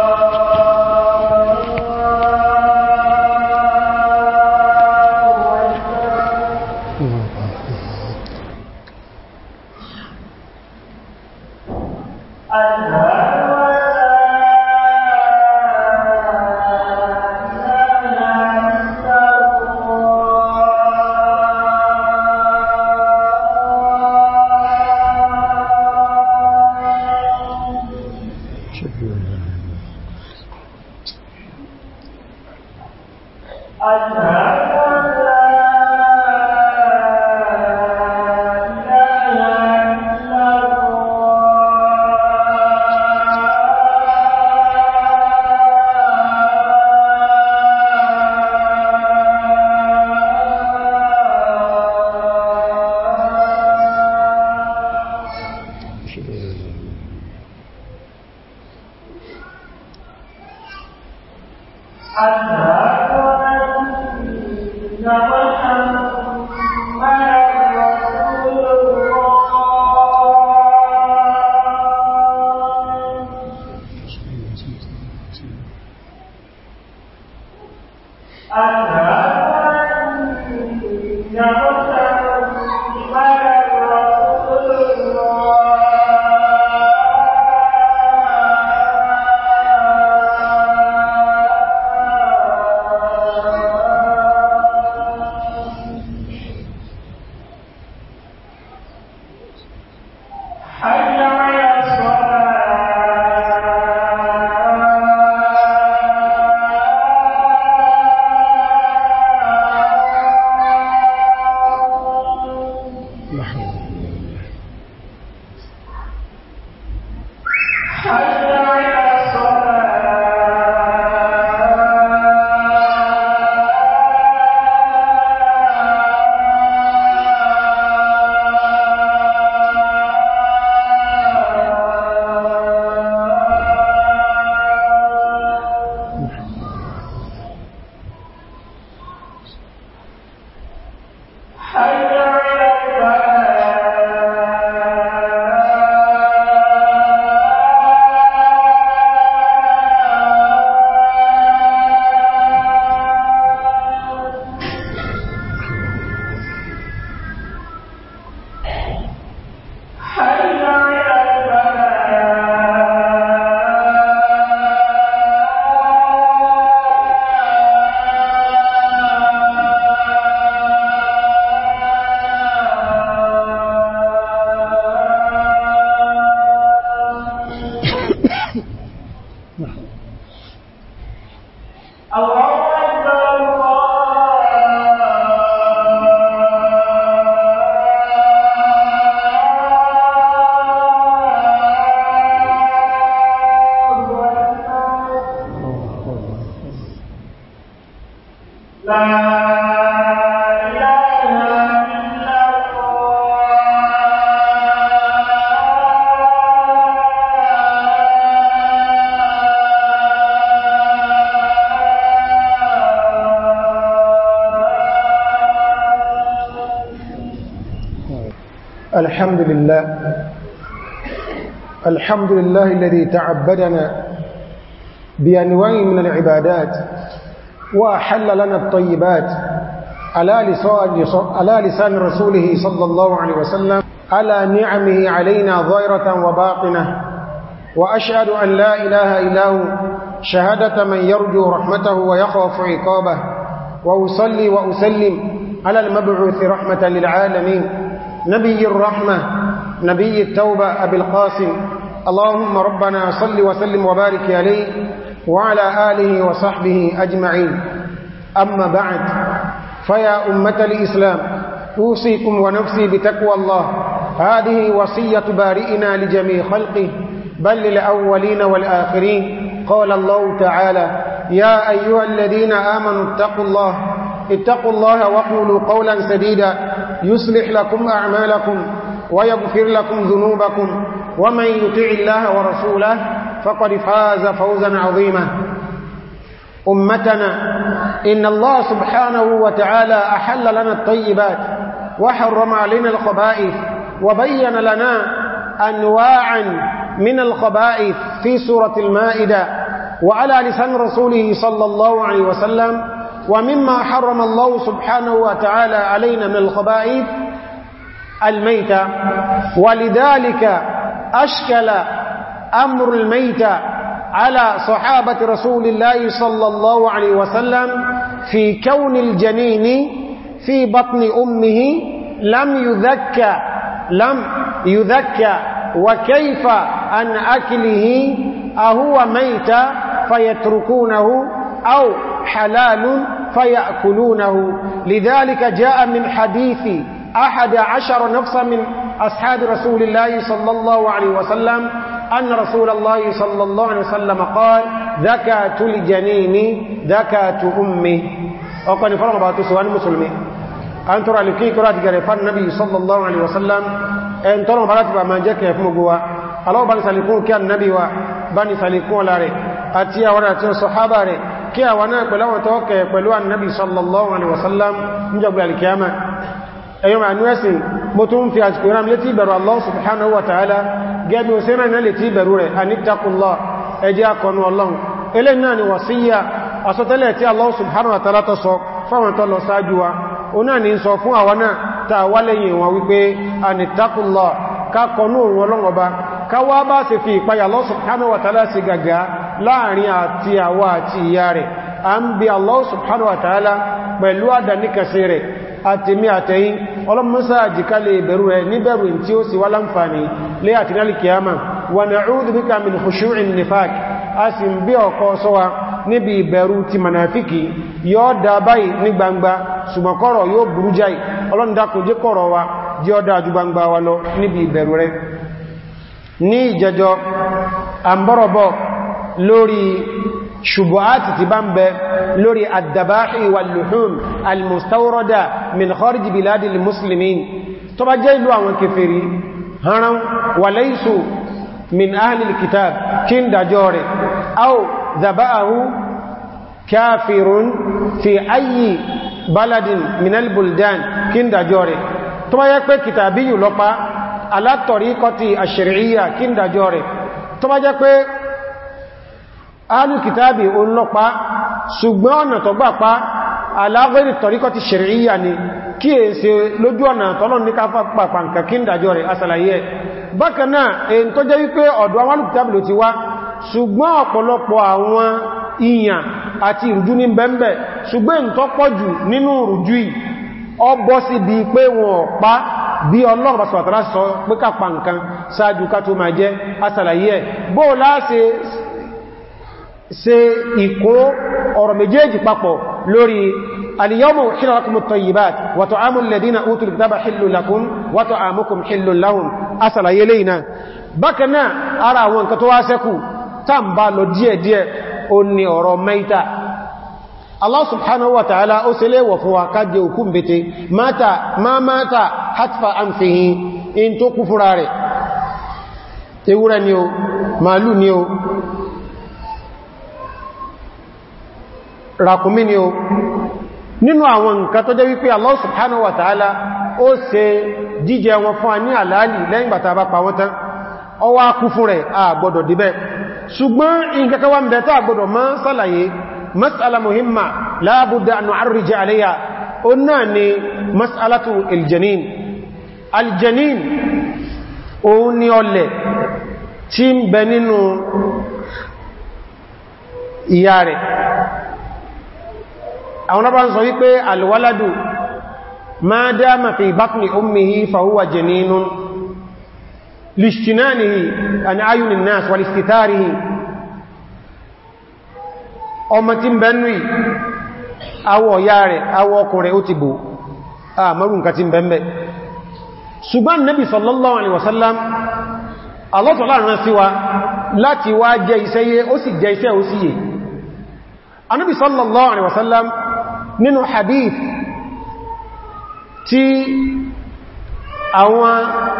Oh. Uh... الحمد لله الحمد لله الذي تعبدنا بأنواع من العبادات وأحل لنا الطيبات على لسان رسوله صلى الله عليه وسلم على نعمه علينا ظاهرة وباطنة وأشهد أن لا إله إلا هو شهادة من يرجو رحمته ويخاف عقابه وأصلي وأسلم على المبعوث رحمة للعالمين نبي الرحمة نبي التوبة أبي القاسم اللهم ربنا صل وسلم وبارك عليه وعلى آله وصحبه أجمعين أما بعد فيا أمة الإسلام أوصيكم ونفسي بتقوى الله هذه وصية بارئنا لجميع خلقه بل للأولين والآخرين قال الله تعالى يا أيها الذين آمنوا اتقوا الله اتقوا الله وقولوا قولا سديدا يصلح لكم أعمالكم ويغفر لكم ذنوبكم ومن يطع الله ورسوله فقد فاز فوزا عظيما أمتنا إن الله سبحانه وتعالى أحل لنا الطيبات وحرم علينا الخبائث وبين لنا أنواعا من الخبائث في سورة المائدة وعلى لسان رسوله صلى الله عليه وسلم ومما حرم الله سبحانه وتعالى علينا من الخبائث الميتة ولذلك أشكل أمر الميتة على صحابة رسول الله صلى الله عليه وسلم في كون الجنين في بطن أمه لم يذكى لم يذكى وكيف أن أكله أهو ميت فيتركونه أو حلال فيأكلونه لذلك جاء من حديث أحد عشر نفسا من أصحاب رسول الله صلى الله عليه وسلم أن رسول الله صلى الله عليه وسلم قال ذكاة الجنين ذكاة أمي أقول فرما باتو سوان مسلمي أن ترى لكي كرات جريفان النبي صلى الله عليه وسلم أن ترى مراتب ما جاك يفمقوا الله بني سالكون كان النبي وبني سالكون لاري أتيا ورأتين صحابة ري kí àwọn náà pẹ̀lú àwọn tọ́ọ̀kẹ̀ pẹ̀lú annabi sallallahu alaihi wasallam ní jọgbẹ̀ alkiyama ẹ̀yọ́ ma níwẹ̀sìn mo tún fi àsìkò ìrám létí ìbẹ̀rù Allah subhanahu wa ta'ala gẹ́bí o sẹ́rẹ̀ náà létí ìbẹ̀rù rẹ̀ a nítakùnlọ ẹjẹ́ akọnu Ọlọ́run láàrin àti àwa àti ìyá rẹ̀ a ń bí Allah subhanahu wa ta'ala pẹ̀lú àdáníkàsí rẹ̀ àtèmi àtẹ̀yìn ọlọ́mọ́sá àjíkálẹ̀ ìbẹ̀rù rẹ̀ níbẹ̀rù tí ó sì wá láǹfààní lé àtìnálì kìyàmà wà ní ọdún bí kàmìn hushurin nifak a sì ń bí ọkọ̀ sọ́wa níbi ìbẹ̀rù ti manafiki yóò lórí ṣubuhati ti bá ń bẹ lórí àdàbáhì wàlùhùn almustaurada min kharji biladil muslimin tó bá jẹ́ ìlú àwọn kèfèrí haram walaysu min ahlil kitab kí ń dájọ́ rẹ̀ au zaba'ahu kafirun fi ayi baladin minal buldan kí ń dájọ́ rẹ̀ tó bá yẹ pé kìtàbí yìí alátọ̀rí kọtí àṣìríyà kí tó bá jẹ́ pé alùkìtàbì olópa ṣùgbọ́n ọ̀nà tó gbà pa aláwẹ̀rẹ̀ tọ̀ríkọ́ ti ṣẹ̀rẹ̀yà ni kí è ṣe lójú ọ̀nà tọ́lọ̀ ní káfà pàpà nǹkan kí ń dájọ́ rẹ̀ asàlàyé bákanáà èyí tó jẹ́ wípé ọ̀dọ̀ àwọn alùkìtàbì ló ti wá ṣùgbọ́n ọ̀pọ̀lọpọ̀ àwọn ìyàn àti ìrùjú ní bẹ́m̀bẹ̀ ṣùgbọ́n tó pọ̀jù nínú ìrùjú yìí ọ bọ́ bí pé wọn pa sọ pé nǹkan sáájú ká tó máa jẹ́ asàlàyé bóò láàṣe ṣe ìkó ọ̀rọ̀ méjèèjì papọ̀ lórí al-yawma uhilla lakumut tayyibat wa ta'amul ladina utul kitaba hillun lakum wa ta'amukum hillun lahum asàlàyé lẹ́yìnà bákanáà ara àwọn nǹkan tó wá sẹ́kù tàn bá lọ díẹ̀díẹ̀ ó ní ọ̀rọ̀ mẹ́ta Allah subhanahu wa ta'ala ó ṣe léèwọ̀ fún ràkúnmí ni o nínú àwọn nǹkan tó jẹ́ wípé Allah subhanahu wa ta'ala ó ṣe jíjẹ wọn fún a ní àlàálì lẹ́yìn bàtà bá pa wọ́n tán ọwá kú fún rẹ̀ a gbọ́dọ̀ dìbẹ̀ ṣùgbọ́n ìkẹkẹwà mẹ́ tàà gbọ́dọ̀ mọ́ sálàyé mas'ala muhimma àwọn ọba ń sọ wípé alwaladu ma dáma fi batni ummihi fahuwa janinun lishtinanihi an ayunin nas wal istitarihi ọmọ tí ń bẹ̀nrí awọ ya rẹ̀ awọ ọkùnrin ó ti bò a marun ka ti ń bẹ̀mẹ̀ ṣùgbọ́n nabi sallallahu alaihi wasallam alọ́tọ̀lá rán sí sallallahu alaihi wasallam nínú hadith tí àwọn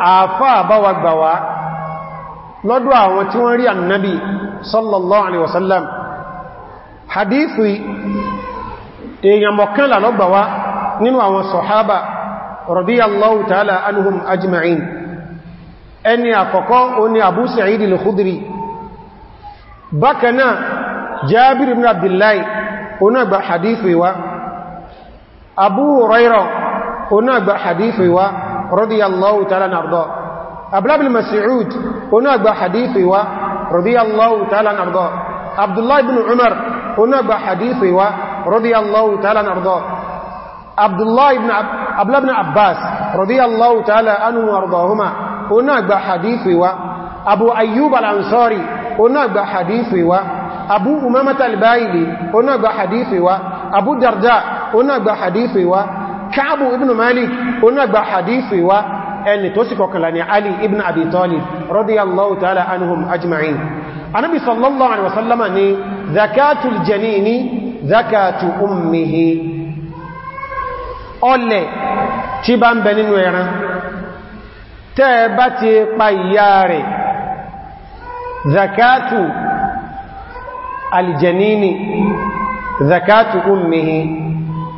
àfáà bá wa gbà wá lọ́dọ̀ àwọn tí wọ́n rí annabi sallallahu alaihi wasallam hadithu èèyàn mọ̀kànlá lọ́gbà wá nínú àwọn sọ̀hábà radiyallahu ta'ala anhum ajma'in ẹni àkọ́kọ́ o ni Abu Sa'id al-Khudri bákanáà Jabir ibn Abdullahi o náà gba hadithu wa Abu Hurairah oná àgbà hadith ìwá radiyallahu ta'ala nàrdọ́ abúlábìn Mas'ud oná àgbà hadith ìwá radiyallahu ta'ala nàrdọ́ Abdullah ibn Umar oná àgbà hadith ìwá radiyallahu ta'ala nàrdọ́ Abdullah ibn Abbas radiyallahu ta'ala anhu wardahuma oná àgbà hadith Abu Ayyub al-Ansari oná àgbà hadith Abu Umamata al-Baili oná àgbà hadith Abu Darda ona gba hadithi wa káàbù ibn malik ona gba hadithi wa ẹni tó sì kokala ni ali ibn abi talib radiyallahu ta'ala anhum ajma'in anábi sallallahu alaihi wasallama ni zakatul janini zakatu ummihi ọlẹ̀ tí bá nbe nínú ẹran tẹ́ bá ti pa ìyá rẹ̀ zakatu aljanini zakatu ummihi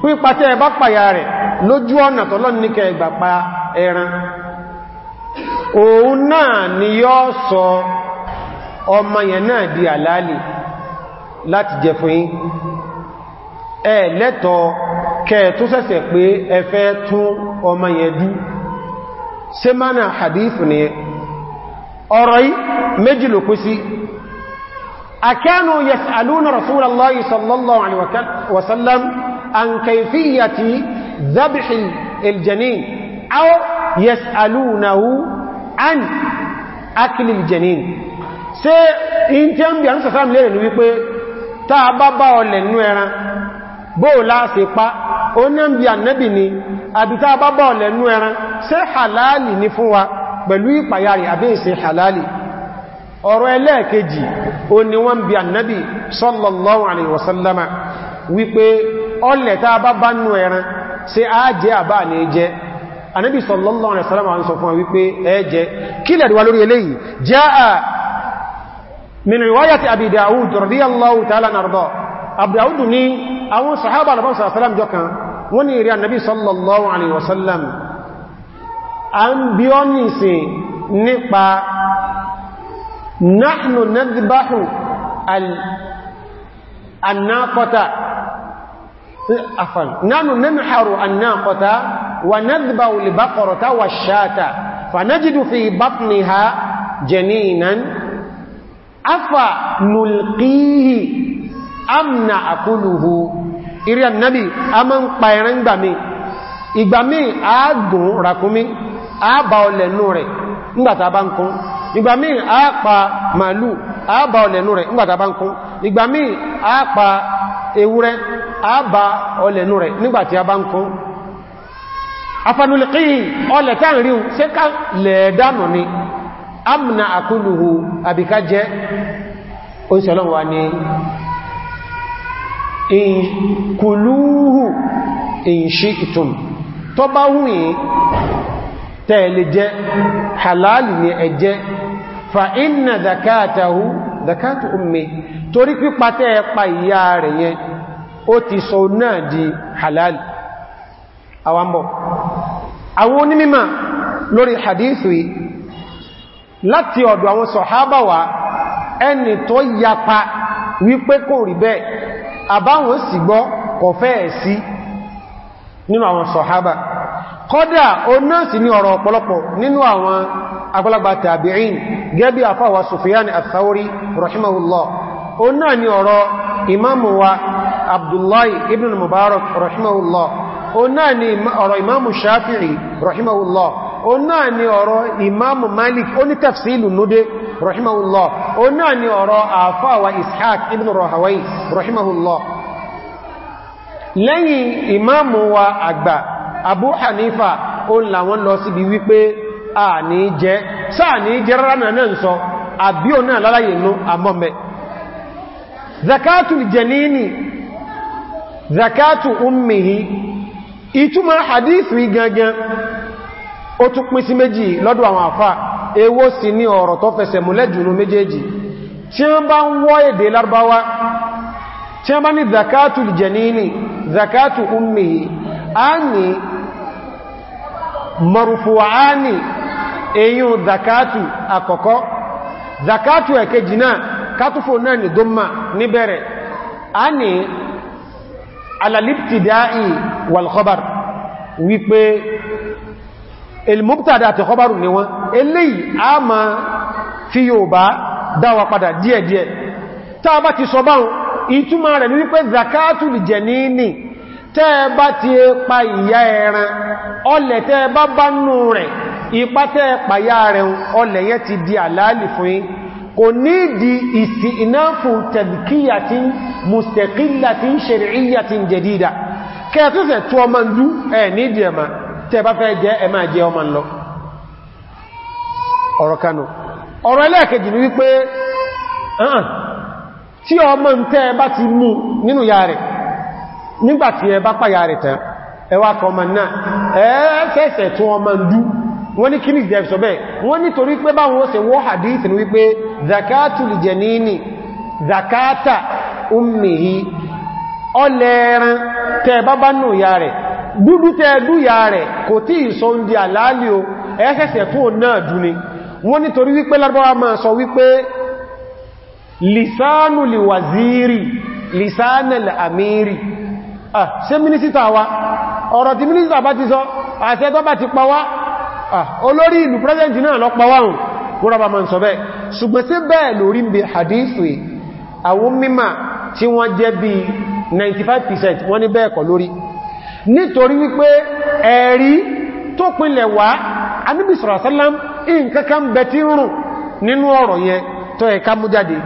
pípatẹ́ ẹbá pàyà rẹ̀ lójú ọ̀nà tọ́lọ́nìkẹ ìgbà pa ẹran òun náà ni yọ́ sọ ọmọ yẹn náà di àlàálì láti jẹ fún yín ẹ lẹ́tọ̀ kẹ tó sẹ́sẹ̀ pé ẹ fẹ́ tún ọmọ yẹn dú ṣe mánà hadith ni ọ̀rọ̀ yìí méjì ló kú sí akẹ́nu yẹ̀sàlúnà rasúlọ́lọ́ عن كيفية ذبح الجنين أو يسألونه عن أكل الجنين ṣe in tí a ń bí àrùn sàfàm lérè ní wípé táa bá bá ọlẹ̀ nínú ẹran bóò láàṣẹ pa ó ní ń bí ànẹ́bì ni àbí táa bá bá ọlẹ̀ nínú ẹran ṣe halali ní fún wa pẹ̀lú ìpàyà rẹ̀ àbí ìṣe halali ọ̀rọ̀ ẹlẹ́ẹ̀kejì ó ní wọ́n bí ànẹ́bì sallallahu alaihi wasallama wípé ọlẹ̀ tá bá bá nú ẹran ṣé a jẹ àbá ní jẹ anábì sallallahu alaihi wasallam ń sọ fún wípé ẹ jẹ kí lẹ̀ wà lórí eléyìí jaa min riwayati abi dawud radiyallahu ta'ala narda al-annaqata afan nánú nẹ́mìhàrù annáqata wa nadba'u libaqarata wa shata fanajidu fi batniha janinan afa nulqihi am na akuluhu iri annabi a ma ń pa ẹran gbàmí ìgbàmí àágùn ràkúnmí àábà ọlẹ̀nú rẹ̀ nígbàtà bá a pa màálù àábà ọ̀lẹ̀nú rẹ̀ nígbàtà bá ń kún ìgbà a pa ewúrẹ́ àbá ọlẹ̀nú rẹ̀ nígbàtí a bá ń kún afanulqi ọlẹ̀ tá ń rí ṣe ká lẹ̀ẹ́dánù ni amna akúlùhù àbíká jẹ́ oúnṣẹ́lọ́wà ni ìkùlúhù ìṣíkìtùn tó bá hùn yìí tẹ́ẹ̀lẹ̀ torí pípa tẹ́ ẹpa ìyá rẹ̀ yẹn ó ti sọ náà di halal awambo àwọn onímímọ̀ lórí hadithi láti ọ̀dọ̀ àwọn sọ̀hábà wa ẹni tó yapa wípé kò rí bẹ́ẹ̀ àbáwọn sì gbọ́ kọ̀ fẹ́ẹ̀ sí nínú àwọn sọ̀hábà kọ́dà o náà sì ní ọ̀rọ̀ ọ̀pọ̀lọpọ̀ nínú àwọn àgbàlagbà tàbí'in gẹ́bí àfáwà Sufyan al-Thawri ó náà ni ọ̀rọ̀ imamu wa abdullahi ibn mubarak rahimahullah ó náà ni ọ̀rọ̀ imamu shafi'i rahimahullah ó náà ni ọ̀rọ̀ imamu malik ó ní tafsilu nude rahimahullah ó náà ni ọ̀rọ̀ àfáwà ishaq ibn rahawai rahimahullah lẹ́yìn imamu wa àgbà abu hanifa ó làwọn lọ síbi wípé a ní jẹ́ sáà ní jẹ́ rárá náà ń sọ àbí ò náà lálàyé inú àmọ́mẹ́ zakatul janini zakatu ummihi ìtumọ̀ hadithu gangan ó tún pín sí méjì lọ́dọ̀ àwọn àfá èwo sì ni ọ̀rọ̀ tó fẹsẹ̀ múlẹ̀ jùlọ méjèèjì tí wọ́n bá ń wọ́ èdè Lárúbáwá tí wọ́n bá ní zakatu janini zakatu ummihi a ní marufu'ani èyí zakatu àkọ́kọ́ zakatu ẹ̀kejì náà kátúfò náà ni dọ́mà níbẹ̀rẹ̀ a ní alaliptida'i walkhobar wípé ilmubtada àti khobaru ni wọn eléyìí a ma fi yóò bá dáwà padà díẹ̀díẹ̀ tá a bá ti sọ báhùn ìtumọ̀ rẹ̀ ní wípé zakatu lè jẹ ní ní bá ti pa ìyá ẹran ọlẹ̀ tẹ́ bá bá nù rẹ̀ ipá tẹ́ pàyà rẹ̀ ọlẹ̀ yẹn ti di àlàálì fún yín kò ní di ìsìnáfù tàbíkíyàtí mùsẹ̀kíyàtí ṣẹ̀ríyàtí jẹ̀dídà kẹtùsẹ̀ tó ọmọ ndú ẹ̀ ní di ẹ̀mà tẹbá fẹ́ jẹ́ ẹ̀mà jẹ́ ọmọ lọ ọ̀rọ̀ kanu ọ̀rọ̀ ẹlẹ́ẹ̀kejì ni wípé tí ọmọ ń bá ti mú nínú tó ọmọ ndú wọ́n ní kí ní ìdẹ̀ ìṣọ́bẹ̀ wọ́n ní torí pé bá wọ́n ṣe wọ́n hadith ní wípé zakatu li janini zakata ummihi ọlẹ́ẹ̀rán tẹ́ bá bá nù ya rẹ̀ dúdú tẹ́ dú ya rẹ̀ kò tí ìṣọ́ ń di àlàálì o ẹ́ṣẹ̀ṣẹ̀ fún náà dúni wọ́n ní torí wípé lárúbáwá máa sọ wípé lisanu li waziri lisanu ah, wa tó bá ti pa wá Ah, olórí ìlú president náà lọ́pọ̀ wáhùn kúrọba ma ń sọ bẹ́ ṣùgbọ́n sí bẹ́ẹ̀ lórí bí hadithu àwọn mímà tí wọ́n jẹ́ bí 95% wọ́n ní bẹ́ẹ̀ kọ́ lórí nítorí wípé ẹ̀rí tó pinlẹ̀ wá Ànábì sallallahu alaihi wasallam nǹkankan bẹ tí rùn nínú ọ̀rọ̀ yẹn tó ẹ̀ká mú jáde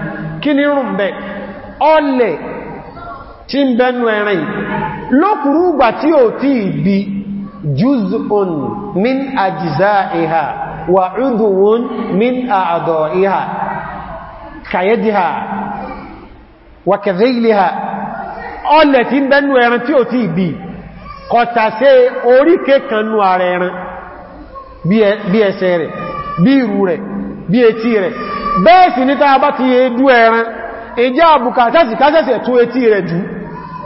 juz'un min ajza'iha wa 'udwun min a'dha'iha kayadiha wa kadhiliha ọ̀nà min a bẹnu iha, tí ó ti bí kọta sí oríkẹ́ kanú ara ẹran bi, ẹsẹ̀ rẹ̀ bí ìrù rẹ̀ bí etí rẹ̀ bẹ́ẹ̀ sì ní tàbá ti edú ẹran ìjá àbùkà tẹ́sì kásẹ̀sẹ̀ tó etí rẹ̀ jù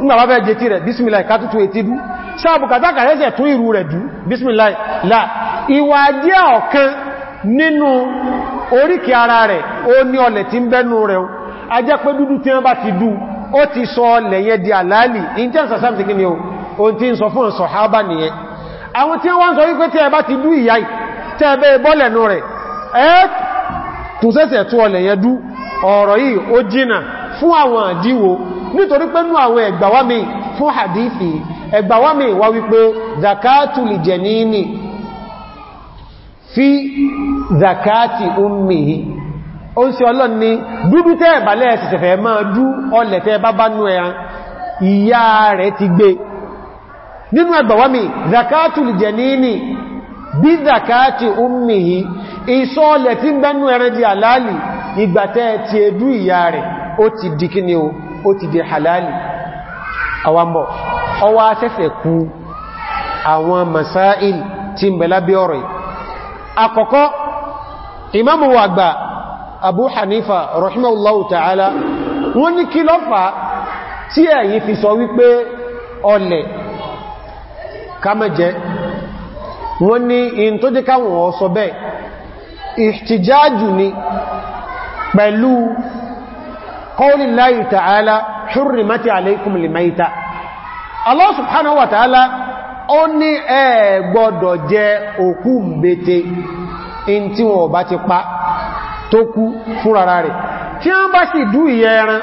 nígbàbá bẹ́ẹ̀ jẹ́ sáàbùkátà kàrẹ́sẹ̀ tún ìrù rẹ̀ dù bismillah la ìwà díẹ̀ ọ̀kan nínú oríkì ara rẹ̀ ó ní ọlẹ̀ tí ń bẹ́nu rẹ̀ a jẹ́ pé dúdú tí wọ́n bá ti dù ó ti sọ ọlẹ̀ yẹn di àlàálì in terms of something ni o ohun tí ń sọ àwọn tí wọ́n sọ fún hadithi ẹgbàwámi wá wípé zakatul janini fi zakati ummihi ó ń se ọlọ́n ni dúdú tẹ́ ẹ̀bàlẹ̀ ẹ̀sẹ̀sẹ̀fẹ̀ máa dú ọlẹ̀ tẹ́ bá bá nú ẹran ìyá rẹ̀ ti gbé nínú ẹgbàwámi zakatul janini bí zakati ummihi ìṣọ́ ọlẹ̀ tí gbẹ́nú ẹran di àlálì ìgbàtẹ́ ti ẹdú ìyá rẹ̀ ó ti di kíni ó ti di halali àwambọ̀ ọwá sẹ́sẹ̀ kú àwọn masáìl tí ń bẹ̀lá bí ọ̀rẹ̀ àkọ́kọ́ imamu wàgbà abu hanifa rahimahullahu ta'ala wọ́n ní kí lọ́fà tí ẹ̀yin fi sọ wípé ọlẹ̀ kámẹ́jẹ́ wọ́n ní in tó jẹ́ káwọn ọ̀sọ bẹ́ẹ̀ ìhtìjájù ni pẹ̀lú qawlillahi Allah subhanahu wa ta'ala ó ní ẹ gbọdọ jẹ òkú mbete in tí wọ́n bá ti pa tó kú fúnrara rẹ̀ tí wọ́n bá sì dú ìyẹ ẹran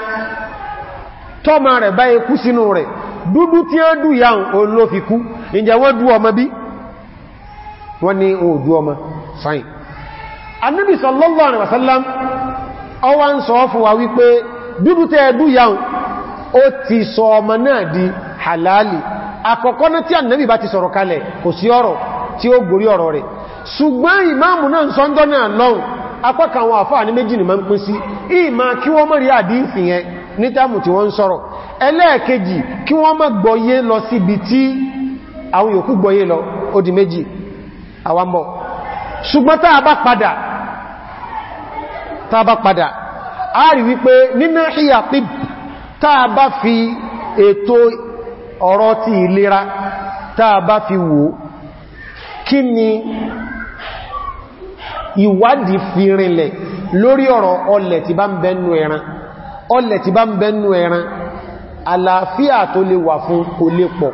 rẹ̀ bá ikú sínú rẹ̀ dúdú tí wọ́n dú ìyá ló wọ́n dú ọmọ bí wọ́n ní ohun dú ọmọ fine halali àkọ́kọ́ náà tí ànábì bá ti sọ̀rọ̀ kalẹ̀ kò sí ọ̀rọ̀ tí ó gborí ọ̀rọ̀ rẹ̀ ṣùgbọ́n ìmáàmù náà sọ́ndọ́ náà lọ́un apákan àwọn àfáà ní méjì ni máa ń pín sí ìmá kí wọ́n mọ̀ rí àdífì yẹn ní táàmù tí wọ́n ń sọ̀rọ̀ ẹlẹ́ẹ̀kejì kí wọ́n má gbọ́yé fi ètò ọ̀rọ̀ ti ìlera táa bá fi wò kí ni ìwádìí fi rinlẹ̀ lórí ọ̀rọ̀ ọlẹ̀ tí bá ń bẹnu ẹran ọlẹ̀ tí bá ń bẹnu ẹran àlàáfíà tó lè wà fún kò lè pọ̀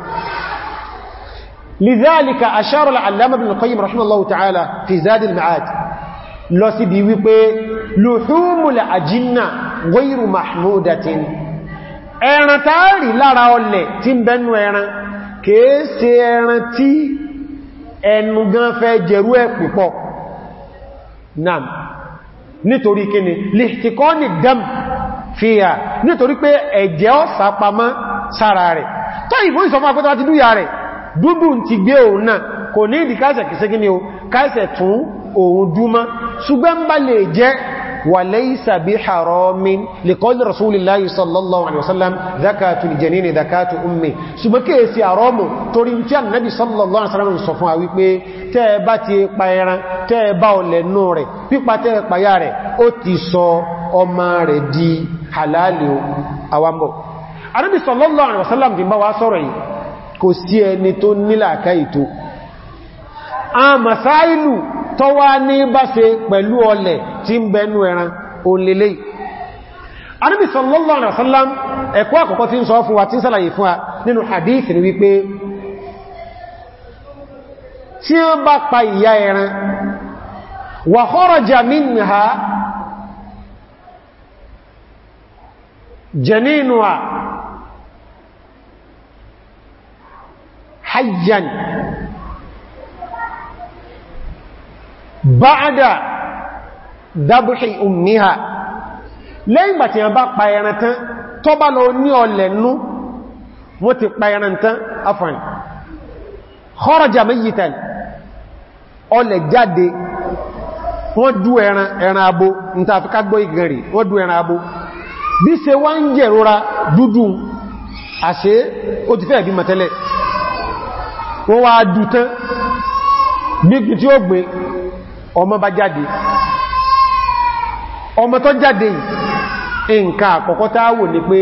lidhalika ashara al-allama ẹran táàrí lára ọlẹ̀ tí ń bẹnu ẹran kìí ṣe ẹran tí ẹnu gan fẹ́ jẹrú ẹ̀ púpọ̀ nam nítorí kíni lìtìkọ́ ní dẹ́m fi hà nítorí pé ẹ̀jẹ̀ ọ̀sà pamọ́ sára rẹ̀ tó ìbò ìsọfún akọ́tọ́ ti dúyà rẹ̀ dúdú ti gbé òun náà kò ní ìdíkáṣẹ̀ kìí ṣe kíni o káṣẹ̀ tún òun dúmọ́ ṣùgbẹ́ ń bá lè jẹ́ وليس بحرام لقول رسول الله صلى الله عليه وسلم ذكاة الجنين ذكاة أمي سبكي سي أرام تورنتيا النبي صلى الله عليه وسلم صفوا ويقول تيبا تيبا يران تيبا ولنور بيبا تيبا ياري أتسو أمار دي حلال أوامبو النبي صلى الله عليه وسلم دي مواصره kò sí ẹni tó nílà káyìtó a masáìlù tó wá ní bá ṣe pẹ̀lú ọlẹ̀ tí ń bẹnu ẹran olèlé Ànábì sallallahu alaihi wasallam ẹ̀kọ́ àkọ́kọ́ tí ń sọ fún wa tí ń sàlàyé fún wa nínú hadith ni wípé tí ó bá pa ìyá ẹran wa kharaja minha báadà dábùhì òmìnira lẹ́yìn bàtí wọ́n bá pa ẹran tán tó bá lọ ní ọlẹ̀ nú wọ́n ti pa ẹran tán afọ́n kharaja mayitan ọlẹ̀ jáde wọ́n dú ẹran ẹran abo ní tàfikà gbọ́ ìgẹ̀rẹ̀ wọ́n dú ẹran abo bí ṣe wá ń jẹ̀rora gbígbì tí ó gbé ọmọ bá jáde ọmọ tó jáde nǹkan àkọ́kọ́ tá wò ní pé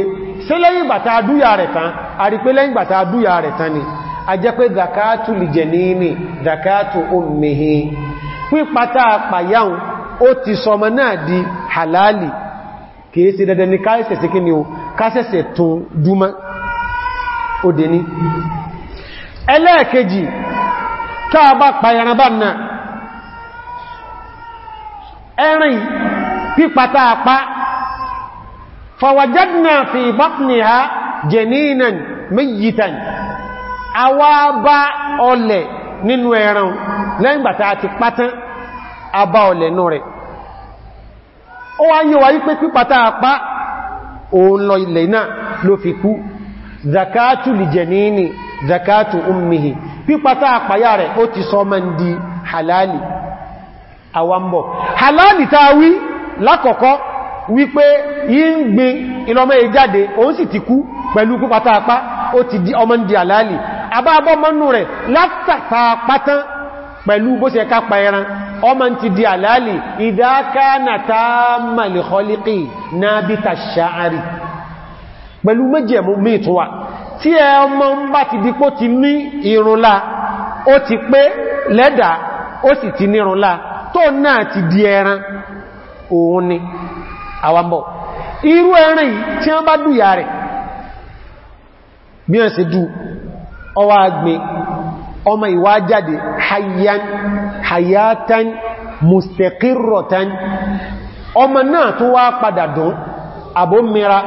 ṣé lẹ́yìn bàtà adúyà rẹ̀ tán a rí pé lẹ́yìn bàtà adúyà rẹ̀ tán ni a jẹ́ pé lè jẹ̀ ní di halali ẹlẹ́ẹ̀kejì a bá ẹ̀rìn pípàtà àpá fọwàjẹ́dìnà fi bọ́pìnìyà jẹ̀nìyàn méjìtàn àwa bá ọlẹ̀ nínú ẹran lẹ́yìnbàtà àti pátán àbá ọlẹ̀ nú rẹ̀ ó wá yíwa wípé pípàtà àpá òun lọ ilẹ̀ náà ló fi kú zakatu li jẹ̀nìyàn zakatu ummihi pípàtà àpáyà rẹ̀ ó ti sọ mọ́ halali àwambọ̀ halali ta wí lákọ̀ọ́kọ́ wípé yí ń gbin ìlọmọ ìjáde òun sì ti kú pẹ̀lú púpátápá ó ti di ọmọ ndí halali àbábọ́ mọ́nú rẹ̀ látàtàpátán pẹ̀lú bó ṣe kápa ẹran ọmọ ti di halali ìdákánà tammal khaliqi nabita sha'ari pẹ̀lú méjèmú mí ìtúwà tí ẹ ọmọ ń bá ti dípò tó náà ti di ẹran òun ni àwambọ̀ irú ẹran yìí tí wọ́n bá dùyà rẹ̀ bí wọ́n sì dù ọwọ́ agbẹ̀ ọmọ ìwá jáde hayatan ọmọ náà tó wá padà dùn àbò mìíra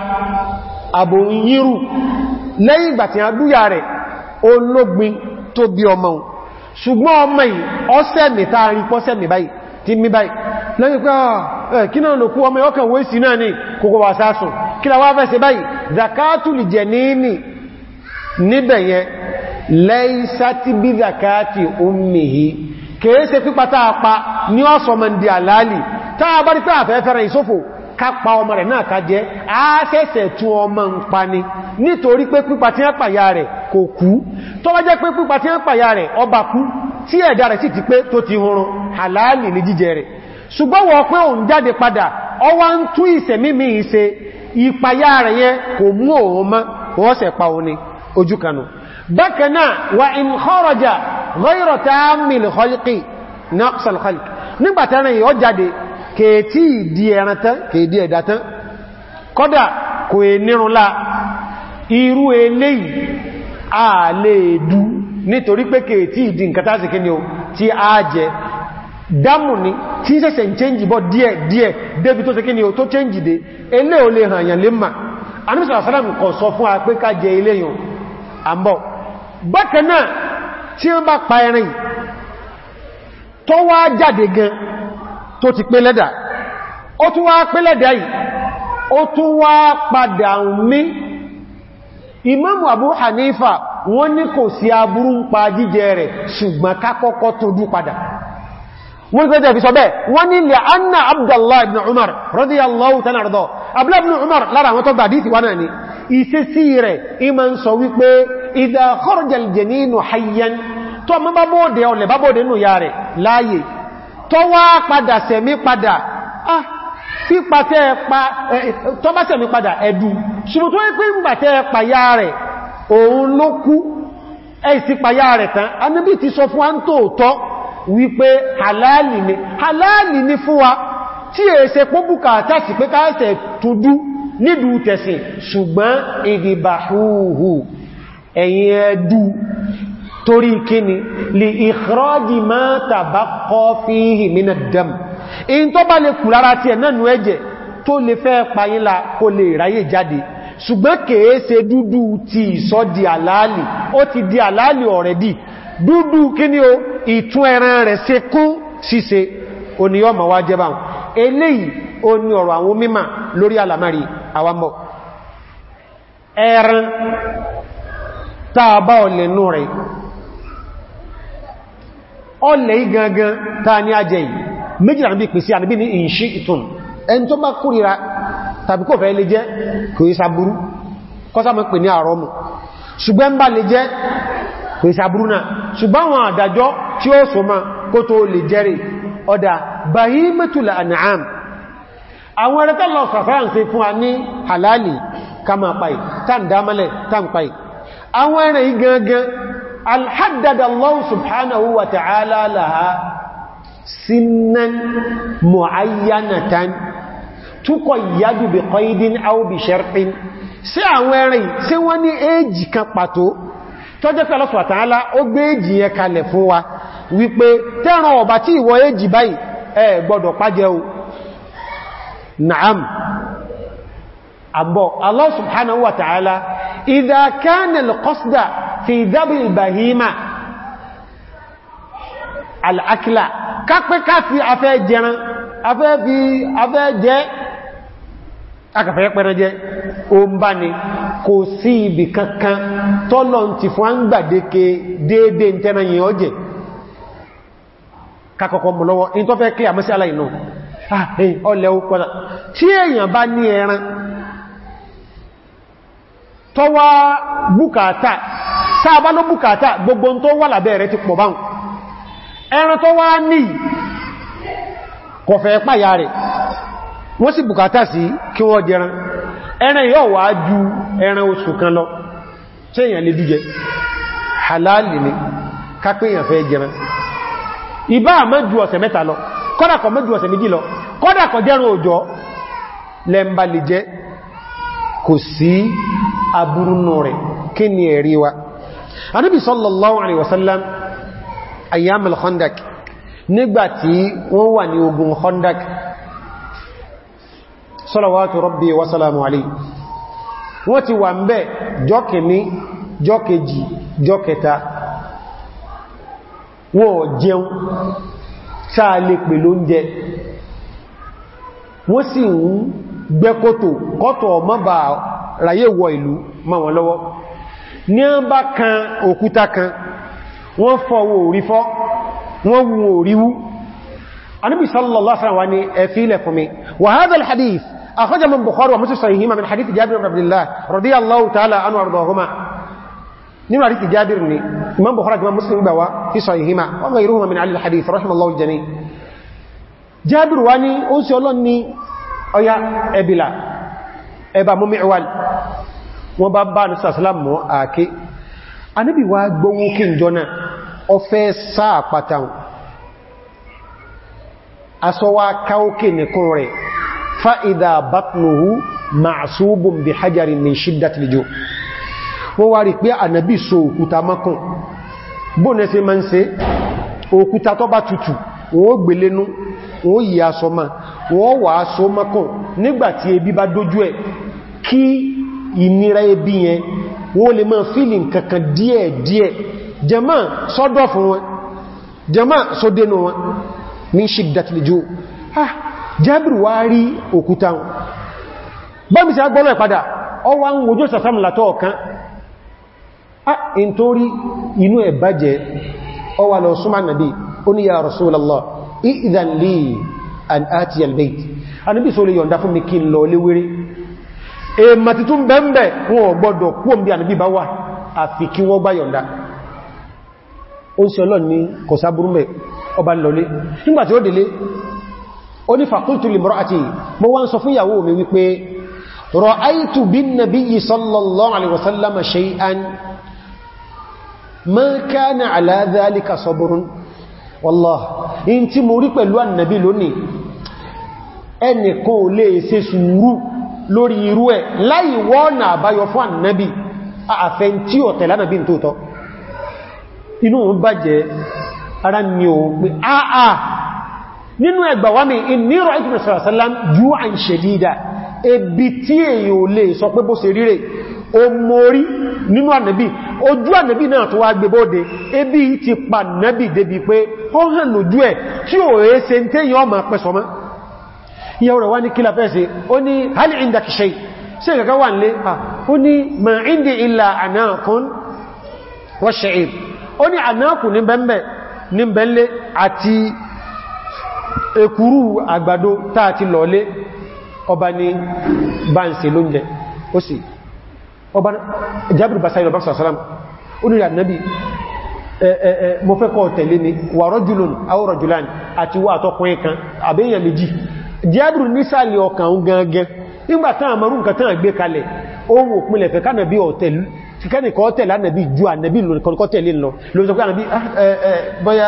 àbò yírù lẹ́yìn ìgbà tí rẹ̀ ológbin ṣùgbọ́n ọmọ yìí ọ́sẹ̀mì tàà rí pọ́sẹ̀mì báyìí tí mi báyìí lẹ́yìn pé ah, ẹ̀ kí náà lòkú ọmọ ọkàn wé sí náà ní kòkò wà sásùn kí la wá fẹ́sẹ̀ báyìí zakatuli jẹ níní níbẹ̀yẹ lẹ́ìsátí bí zakati ummihi kèése pípa kápa ọmọ rẹ̀ náà ká jẹ́ àásẹ̀sẹ̀ tún ọmọ ń pa ni nítorí pé pípa tí wọ́n pàyà rẹ̀ kò kú tó wá jẹ́ pé pípa tí wọ́n pàyà rẹ̀ ọba kú tí ẹ̀dà rẹ̀ sì ti pé tó ti hurun halali ní jíjẹ rẹ̀ ṣùgbọ́n wọ́n pé òun jáde padà ni ojú kanú kèètí ìdí ẹran tán kèèdí ẹ̀dà tán kọ́dà kò è nírúnlá irú eléyìí a lè dú nítorí pé kèètí ìdí nǹkan tásì kí ni o tí a jẹ dámù ní tí sẹ́sẹ̀ ń chẹ́njì bọ́ díẹ̀ díẹ̀ débi tó sẹ́kí ni o tó chẹ́njì dé elé o lè hànyàn lè mà tó wá jáde gan tó ti pé lẹ́dà ó tún wá pé lẹ́dà yìí ó tún wá padà mí Imamu Abu Hanifa wọ́n ní kò sí aburú ń pa jíjẹ rẹ̀ ṣùgbọ́n ká kọ́kọ́ tó dú padà wọ́n gbé jẹ́ fi sọ bẹ́ẹ̀ wọ́n ní ilẹ̀ anna Abdullah ibn Umar radiyallahu tanardọ́ Abdullah tó wá padà sẹ̀mí padà ah pípa pa tó bá sẹ̀mí padà ẹ̀dù ṣùgbọ́n tó wípé ń bà tẹ́ pàyà rẹ̀ òun ló kú ẹ̀sì pàyà rẹ̀ tán anábì ti sọ fún wa ń tóòtọ́ wípé halali ni halali ni fún wa tí è ṣe pọ́ bùkátà sí pé káàsẹ̀ tójú nídú tẹ̀sìn ṣùgbọ́n ìdìbàhúhù torí kíni lè ìkọ́rọ́jì máa tàbá kọ́ fíhì mínà dẹ̀m in tó bá lè kù lára tí ẹ̀ nánú ẹ̀jẹ̀ tó lè fẹ́ payínlá kò lè ráyè jáde ṣùgbọ́n kèé ṣe dúdú ti ìsọ́ di àlàálì ó ti di àlàálì ọ̀rẹ́dì dúdú kíni o ìtún ẹran rẹ̀ ṣe kún ṣíṣe oníyọ́mọ̀ wá jẹ́ báhùn eléyìí ó ní ọ̀rọ̀ àwọn mímọ̀ lórí àlàmárì àwamọ̀ ẹran tàbá ọ̀lẹ̀nú rẹ̀ ọlẹ̀ igangan ta ni ajẹ́ yìí méjìlá níbi pèsè àníbí ní ìṣí ìtùn ẹni tó bá kúrira tàbí kò fẹ́ lè jẹ́ kò ìsà burú kọ́sàmọ́ pè ní àrọ́mù ṣùgbọ́n bá lè jẹ́ kò ìsà burú náà ṣùgbọ́n àwọn àdájọ́ tí ó so ma kó tó lè jẹ́rì ọ̀dà bahimatul alhaddada Allah subhanahu wa ta'ala laha sinan mu'ayyanatan tuqayyadu bi qaydin aw bi shartin sí àwọn ẹ̀rìn sí wọ́n ní èjì kan pàtó tó jẹ́ pẹ̀lọ́ sọ̀tàálá ó gbé èjì yẹn kalẹ̀ fún wa wípé tẹ́ràn ọ̀bá tí ìwọ èjì báyìí ẹ gbọ́dọ̀ pàjẹ́ o na'am àbọ̀ Allah subhanahu wa ta'ala إذا كان القصد في ذبي البهيمة الأكلة كاكبكا في أفاء جنة أفاء في أفاء جاء akàfẹ́ pẹ̀rẹ jẹ́ bá ni kò sí ibi kankan tọ́lọ̀ ti fún án gbàdéke déédé tẹ́nàyìn ọjẹ́ kakọ̀kọ̀ mọ̀ lọ́wọ́ in tó fẹ́ kí àmọ́sí aláìnà ọlẹ́ ó tí èèyàn bá ní ẹran tó wá bùkátà sáàbá ló bùkátà gbogbo tó wà lábẹ́ rẹ̀ ti pọ̀ báhùn ẹran tó wá ní kọ̀fẹ́ pàyà rẹ̀ wọ́n sì bùkátà sí kí wọ́n jẹran ẹran yóò wá ju ẹran oṣù kan lọ tí èyàn lè dújẹ halali ni kápé èyàn fẹ́ jẹran ìbá àmọ́ ju ọ̀sẹ̀ mẹ́ta lọ kọ́dàkọ̀ mọ́ ju ọ̀sẹ̀ méjì lọ kọ́dàkọ̀ jẹ́rùn òjò lẹ́mbà lè jẹ́ kò sí aburúnú rẹ̀ kí ni ẹ̀rí wa anábi sallallahu alaihi wasallam ayyamul khandak nígbàtí wọ́n wà ní ogun khandak salawatu rabbi wasalamu alaihi wọ́n ti wà ń bẹ́ jọ́kẹ̀mí jọ́kẹjì jọ́kẹta wọ́n jẹun sáà lè pè lóúnjẹ wọ́n sì ń gbẹ́kòtò kọ́tọ̀ ọmọ bá ráyé wọ ìlú ma wọn lọ́wọ́ ní a bá kan òkúta kan wọ́n fọwọ́ orí fọ́ wọ́n wù orí wú anábi sallallahu alaihi wa ni ẹ̀fílẹ̀ fún mi wa hadha al-hadith akhrajahu min Bukhari wa Muslim sahihihima min hadith Jabir ibn Abdullah radiyallahu ta'ala anhu ardahuma nínú àríkì Jabir ni Imam Bukhari àti Muslim gbà wá fi sahihihima wa ghayruhuma min alil hadith rahimallahu al-jami' Jabir wa ni ọlọ́ni ọya ẹbìlà ẹbà mú mẹ́wàl wọ́n bá bá ní sàásìlám mọ́ àáké anábì wá gbówó kí ìjọ náà ọfẹ́ sáà pàtàkùn asọwá káókè nìkan rẹ̀ fa'ida batnuhu ma'asubun bi hajjarin min shiddatil ju wọ́n wá rí pé ànàbì so òkúta mọ́kàn bóòrùn ẹsẹ ma ń se òkúta tó bá tutù wọ́n gbèlénú wọ́n yìí asọ máa wọ́n wà so nígbàtí ebi bá dójú ẹ̀ kí ìnira ebi yẹn wọ́n lè fílì kankan díẹ̀ díẹ̀ jẹmọ́ sọ́dọ̀ fún wọn jẹmọ́ sódénú wọn ní ah wá rí òkúta wọn bọ́mìsí agbọ́nà ìpadà ọwá ń wòjó sàfàmù an ati albayt anabi so le yọ̀nda fún mi kí n lọ lé wéré e mati tún bẹ́m̀bẹ̀ wọn gbọ́dọ̀ kúọ̀m bí anabi bá wà àfi kí wọ́n gbá yọ̀nda ó ń se ọlọ́n ní kọsáburúmẹ̀ ọba lọlé nígbàtí ó délé ó ní fàkúntù lè mọ́rọ̀ àti mọ́ wá ń sọ fún ìyàwó mi wípé ra'aytu bin nabiyyi sallallahu alaihi wasallam shay'an ma kana ala dhalika sabrun wallahi in tí mo rí pẹ̀lú annabi lónìí ẹnìkan ò lè ṣe sùúrù lórí irú ẹ̀ láì wọ́nà àbáyọ fún annabi àfẹ́ tí ò tẹ̀lá nàbí tó tọ́ inú òun bàjẹ́ ara mi ò pé àà nínú ẹgbà wá mi inni ra'aytu Rasulullah sallallahu o mórí nínú ànẹ́bì ojú ànẹ́bì náà tó wá gbébóde ebi ti pa ànẹ́bì débi pé ó hàn lójú ẹ̀ tí ò rẹ̀ ṣe ń tẹ́yìn ọmọ pẹ́sọmọ́ ìyàwó rẹ̀ wá ní kílà fẹ́ ṣe ó ní hali ma indi illa anakun wa sha'ir ó ní anakun ní bẹ́m̀bẹ̀ ní bẹ́lé àti ekuru àgbàdo táà ti lọ́lé ọba ni bá ń ṣe lóúnjẹ ó sì ọba jábìrì bá sáyẹ̀ lọ́bàá sàlám onílẹ̀ ànábì mo fẹ́ kọ́ tẹ̀lé mi wà rọ́jùlùn aw rajulani àti wà àtọkùnrin kan àbẹ́yàn méjì jábìrì nísàlẹ̀ ọkàn ń gangan nígbà tán àmọ́rún nǹkan tán gbé kalẹ̀ ohun òpinlẹ̀ fẹ́ kánàbí ọ̀tẹ̀lú kẹ́ni kọ́ tẹ̀lá nàbí ju ànàbí lọ́nà tẹ̀lé lọ lórí sọ pé ànàbí ah, bọ́yá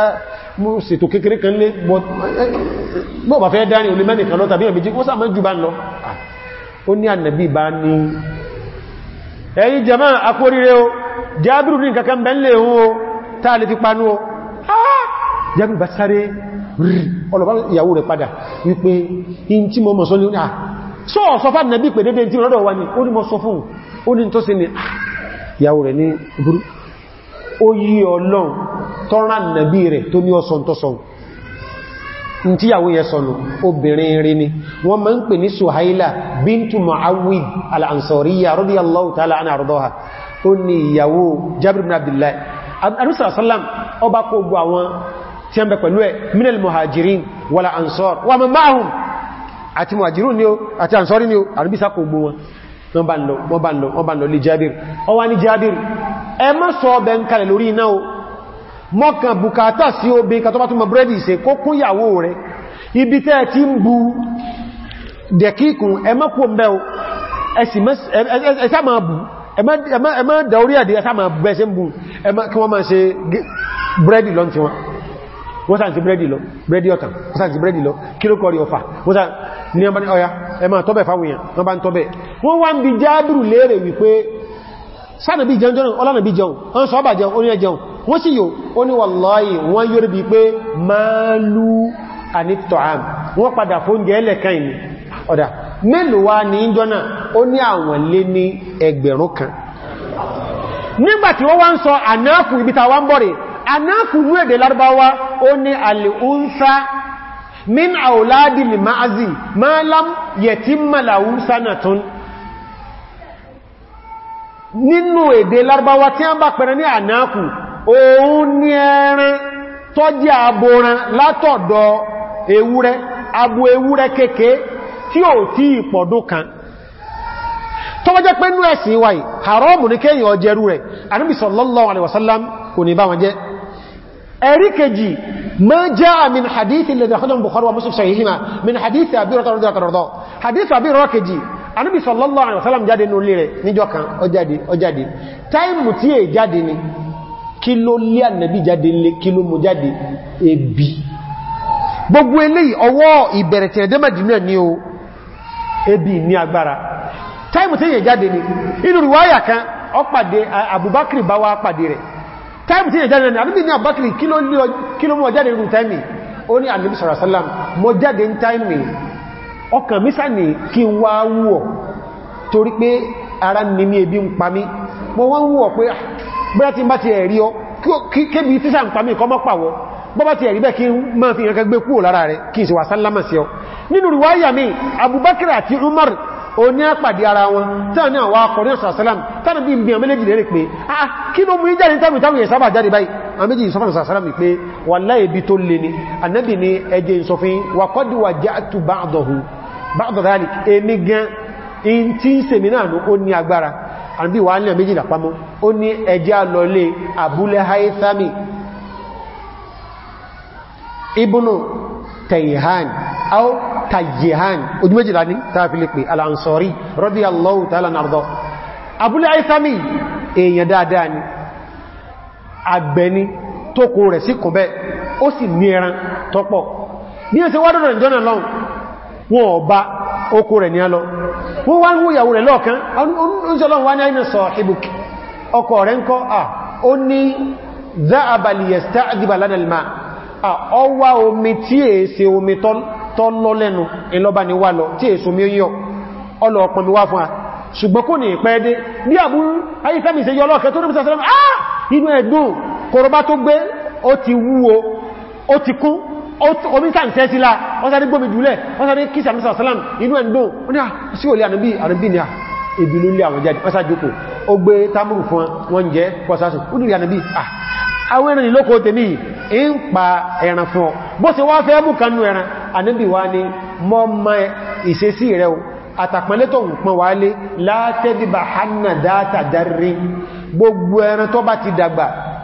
mú ṣètò kékeré kan lé bọ́ọ̀bà fẹ́ dání olè mẹ́nìkan lọ tàbí ah. ó ní ànàbí bá ní ẹ̀yìn jẹmọ́ akóríre o jábìrù ní kankan bẹ̀lẹ̀ ohun o táà lè fi panú o ah! jábìrù bá sáré rí ọlọ́bá ìyàwó rẹ̀ padà wípé in tí mo mọ̀ sọ ah, ní à sọ ọ̀sọ fà nàbí pè ni ah! ìyàwó rẹ̀ ní burú ó yí ọlọ́run tọ́rán nàbí tí yàwó yẹ sọ̀nù obìnrin rí ni wọ́n ma ń pè ní Suhaila bintu Mu'awwid al-Ansariyya radiyallahu ta'ala anha ardaha ó ní ìyàwó Jabir ibn Abdullah arúsà sallam ọba kó gbọ́ àwọn tí a ń bẹ pẹ̀lú ẹ̀ minal muhajirin wala ansar wa man ma'ahum àti muhajirun ni ó àti ansori ni ó ẹ má sọ ọbẹ̀ ń kalẹ̀ lórí iná mọ́kàn Bukata sí obin ka tó bá tún mọ̀ búrẹ́dì ìṣe kó kún ìyàwó rẹ̀ ibi tẹ́ ti ń bu dẹ̀kíkùn ẹmọ́kù mẹ́o ẹ̀sàmàbù ẹmọ́ daorí àdí ẹ̀sàmàbù bẹ́ẹ̀ ṣe ń bu kí wọ́n máa ṣe búrẹ́dì lọ tí wọ́n wọ́n sáà ti búrẹ́dì lọ búrẹ́dì ọ̀tàn wọ́n sáà ti búrẹ́dì lọ kí ló kọrí ọfà wọ́n sáà ní ọmọ ọya ẹmà tọ́bẹ̀ fáwọn wọ́n sì yóò ó ní wàláyì wọ́n yóò rí bí pé máa lú ànítọ̀ám wọ́n padà fóúnjẹ ẹlẹ́kan ìní ọ̀dá mélòó wá ní ìjọ́nà ó ní àwọn lé ní ẹgbẹ̀rún kan nígbàtí wọ́n wá ń sọ ànáàfù ibi tàwà ń bọ̀rẹ̀ ànáàfù ní èdè lárúbáwá ó ní àlèúnsá min àwòládìlì máàzì máa lám yẹ̀tí òun ní ẹran tó jẹ́ aboran látọ̀dọ̀ ewúrẹ́ abo ewúrẹ́ kéèké tí ò tí ìpọ̀dún kan tó wọ́n jẹ́ pé ní ẹ̀sìn wáyìí haramu ní kéyàn ọjẹ́rú rẹ̀ Ànábì sallallahu alaihi wasallam kò ní bá wọn jẹ́ ẹ̀rí kejì ma jaa min hadithi alladhi akhadahu Bukhari wa Muslim sahihima min hadithi Abi Hurairah radhiyallahu anhu hadithi Abi Hurairah kejì Ànábì sallallahu tí è jáde ni kí ló lé ànàbí jáde lé kí ló mú jáde ebi gbogbo eléyìí ọwọ́ ìbẹ̀rẹ̀ tẹ̀rẹ̀dẹ́ Mẹdínà ní o ebi ní agbára táìmù tí yẹ jáde ní inú ríwáyà kan ó pàdé Abubakar bá wá pàdé rẹ̀ táìmù tí yẹ jáde ní àbíbí ní Abubakar kí ló mú jáde irú táìmì ó ní ànàbí sallallahu alaihi jáde ní táìmì ọkàn mísà ní kí n wá wúọ̀ torí pé ara ní mi ebi ń pa mí mo wọ́n wúọ̀ pé ah, bóyá tí bá ti ẹ̀rí ọ kébí tíṣà ń pàmí kọmọ́ pàwọ́ bọ́bá ti ẹ̀rí bẹ́ kí máa fi ìrìnkẹ́ gbé kúrò lára rẹ̀ kí ìṣẹ̀wà sálámà sí ọ nínú ríwáyà mi Abubakar àti Umar o ní àpàdé ara wọn tán ní àwọn akọrin àṣàṣàlám tánà bí ibi àmì lẹ́jì lẹ́rẹ̀ pé ah, ah kí ló mú ìjáde tánà ìtàwò ìsábà jáde báyìí àmìjì ìsọfún àṣàṣàlám pé wallahi ibi tó ó ní agbára àbí wà ní àmìjìlá pamọ́ ó ní ẹjá lọlé àbúlé haithami ibùnù tayyihan au tayyihan ojú méjìlá ní tààfilé pé al'ansori radiyallahu ta'ala nàrdọ́ àbúlé haithami èèyàn dáadáa ni àgbẹni tó kó rẹ̀ sí kùnbẹ́ ó sì ní ẹran tọ́pọ̀ ní ẹ̀sẹ̀ wádọ́rọ̀ ìjọ́nà lọ́wọ́ wọn ọba oko rẹ̀ ní alọ́ wọ́n wá ń wó ìyàwó rẹ̀ lọ́ọ̀kan oúnjẹ́lọ́wọ́ wá ní àìmẹ́ sọ ìbùkì ọkọ rẹ̀ ń kọ́ à ó ní záàbàlì yẹ̀stá àdìbàlánàlìmá à ọwá omi tí èsè omi tọ́lọ́ lẹ́nu ìlọ́bà ni se yọ lọ́ọ̀kẹ́ tó rí inú ẹ̀dùn kòròbá tó gbé ó omi sáà ń tẹ́ sílá wọ́n sáré gbómi jùlẹ̀ wọ́n sáré kí sàmì sàlám inú ẹ̀ndùn wọ́n ní ah, sí olè ànàbí ànàbí ni èbì ah, ló lé àwọn jáde wọ́n sáré jókòó ó gbé támùrù fún wọn jẹ́ pọ̀sásùn ó ní ànàbí ah, àwọn ẹran ìlókò tèmi ń pa ẹran fún ọ bó ṣe wá fẹ́ mú kanú ẹran ànàbí wá ní mọ́ ma ìṣesí rẹ̀ o àtàpẹ́lẹ́ tó ń pọn wá lé látẹ́dìbà hannah dáta darí gbogbo ẹran tó bá ti dàgbà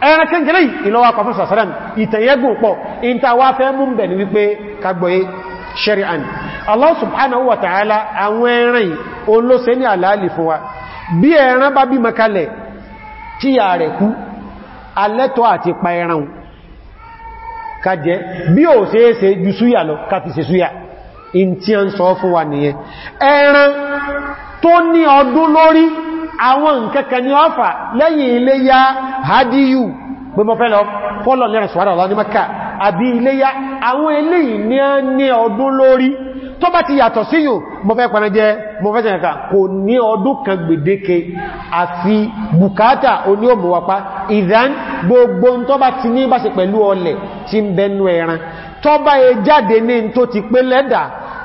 ẹran kéńkéré ìlọ́wà pa fún ìtẹ̀yẹ́gùn pọ̀ in fẹ́ mú bẹ̀ ní wípé kagbọ́yé shari'an Allah ta'ala àwọn ẹran olóse ní àlàálì fún wa bí ẹran bá bí makalẹ̀ tí rẹ̀ kú alẹ́tọ́ àti pa lọ in ẹran tó àwọn nkẹ́kẹ́ ní ọfà lẹ́yìn ilé ya hadiyu gbẹmọ́fẹ́lọ fọ́lọ̀ lẹ́rin sọ́rọ̀ ní Mẹ́kà àbí ilé ya àwọn ilé ní a ní ọdún lórí tó bá ti yàtọ̀ sí yùn mọ́fẹ́ pẹ̀rẹjẹ mọ́fẹ́ sẹ̀rẹ̀kà kò ní ọdún kan gbèdéke àti bùkátà oní òmùwapá ìdán gbogbo tó bá ti ní bá ṣe pẹ̀lú ọlẹ̀ tí ń bẹnu ẹran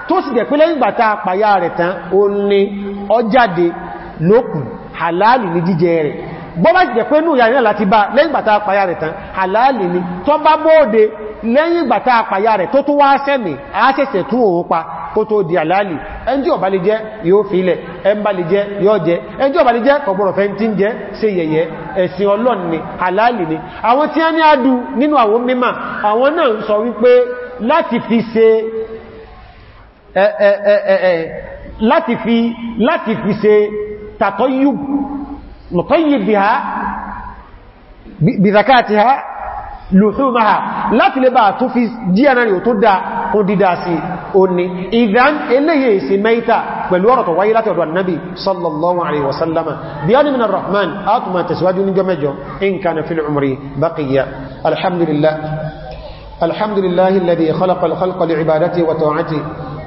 tó e sì jẹ́ pé lẹ́yìn gbàtà àpàyà rẹ̀ tán ó ní ọjáde lókùn halali ni jíjẹ rẹ̀ bọ́bá jẹ́ pé ní ìyàrin láti bá lẹ́yìn gbàtà àpàyà rẹ̀ tán halali ni tó bá bóòdé lẹ́yìn gbàtà àpàyà rẹ̀ tó tó wá sẹ́mì àásẹ̀sẹ̀ tún òun pa kó tó di halali ẹn tí ó bá lè jẹ yóò fílẹ̀ ẹn bá lè jẹ halali ni àwọn tí a ní adú nínú àwọn mímọ̀ àwọn náà láti fi ṣe تطيب نطيب بها بذكاتها لحومها لا تلبا توفي ديانا يطدى قدداسي أني إذن إليه سميت والورط ويلة ودو النبي صلى الله عليه وسلم ديان من الرحمن آتما تسواجون جمجو إن كان في العمر بقي الحمد لله الحمد لله الذي خلق الخلق لعبادته وتوعته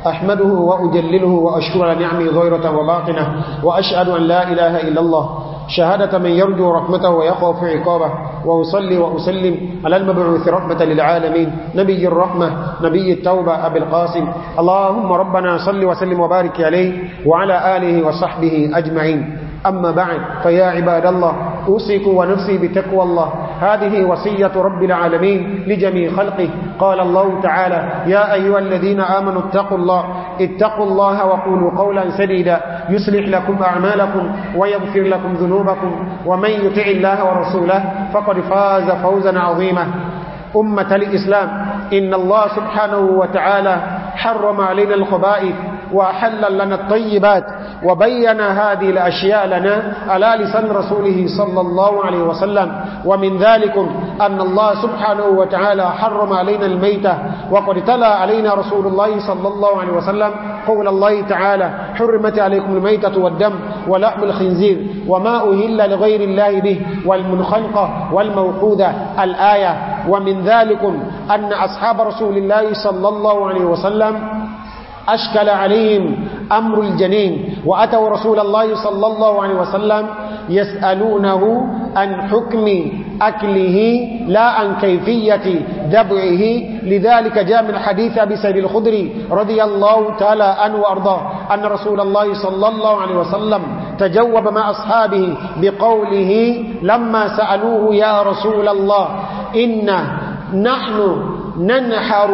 أحمده وأجلله وأشكر على نعمه ظاهرة وباطنة وأشهد أن لا إله إلا الله شهادة من يرجو رحمته في عقابه وأصلي وأسلم على المبعوث رحمة للعالمين نبي الرحمة نبي التوبة أبي القاسم اللهم ربنا صل وسلم وبارك عليه وعلى آله وصحبه أجمعين أما بعد فيا عباد الله أوصيكم ونفسي بتقوى الله هذه وصية رب العالمين لجميع خلقه قال الله تعالى يا أيها الذين آمنوا اتقوا الله اتقوا الله وقولوا قولا سديدا يصلح لكم أعمالكم ويغفر لكم ذنوبكم ومن يطع الله ورسوله فقد فاز فوزا عظيما أمة الإسلام إن الله سبحانه وتعالى حرم علينا الخبائث وأحل لنا الطيبات وبين هذه الأشياء لنا على لسان رسوله صلى الله عليه وسلم ومن ذلك أن الله سبحانه وتعالى حرم علينا الميتة وقد تلا علينا رسول الله صلى الله عليه وسلم قول الله تعالى حرمت عليكم الميتة والدم ولحم الخنزير وما أهل لغير الله به والمنخنقة والموقودة الآية ومن ذلك أن أصحاب رسول الله صلى الله عليه وسلم أشكل عليهم أمر الجنين وأتوا رسول الله صلى الله عليه وسلم يسألونه عن حكم أكله لا عن كيفية ذبعه لذلك جاء من حديث أبي سيد الخدري رضي الله تعالى عنه وأرضاه أن رسول الله صلى الله عليه وسلم تجوب مع أصحابه بقوله لما سألوه يا رسول الله إن نحن ننحر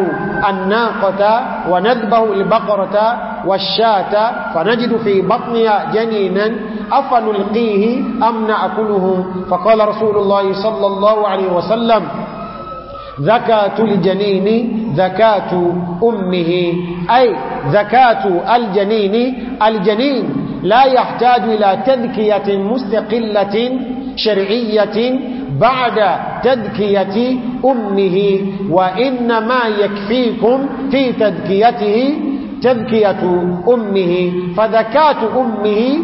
الناقة ونذبه البقرة والشاة فنجد في بطنها جنينا أفنلقيه أم نأكله فقال رسول الله صلى الله عليه وسلم زكاة الجنين زكاة أمه أي زكاة الجنين الجنين لا يحتاج إلى تذكية مستقلة شرعية بعد تذكية أمه وإنما يكفيكم في تذكيته تذكية أمه فذكاة أمه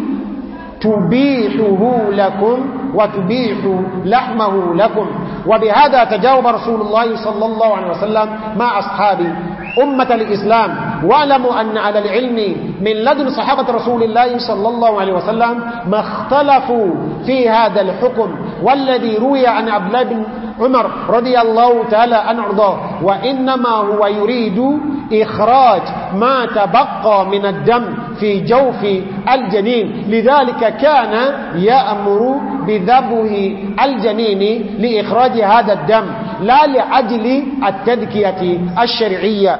تبيحه لكم وتبيح لحمه لكم وبهذا تجاوب رسول الله صلى الله عليه وسلم مع أصحابه أمة الإسلام واعلموا أن على العلم من لدن صحابة رسول الله صلى الله عليه وسلم ما اختلفوا في هذا الحكم والذي روي عن عبد الله بن عمر رضي الله تعالى أن أرضاه وإنما هو يريد إخراج ما تبقى من الدم في جوف الجنين لذلك كان يأمر بذبه الجنين لإخراج هذا الدم لا لعجل التذكية الشرعية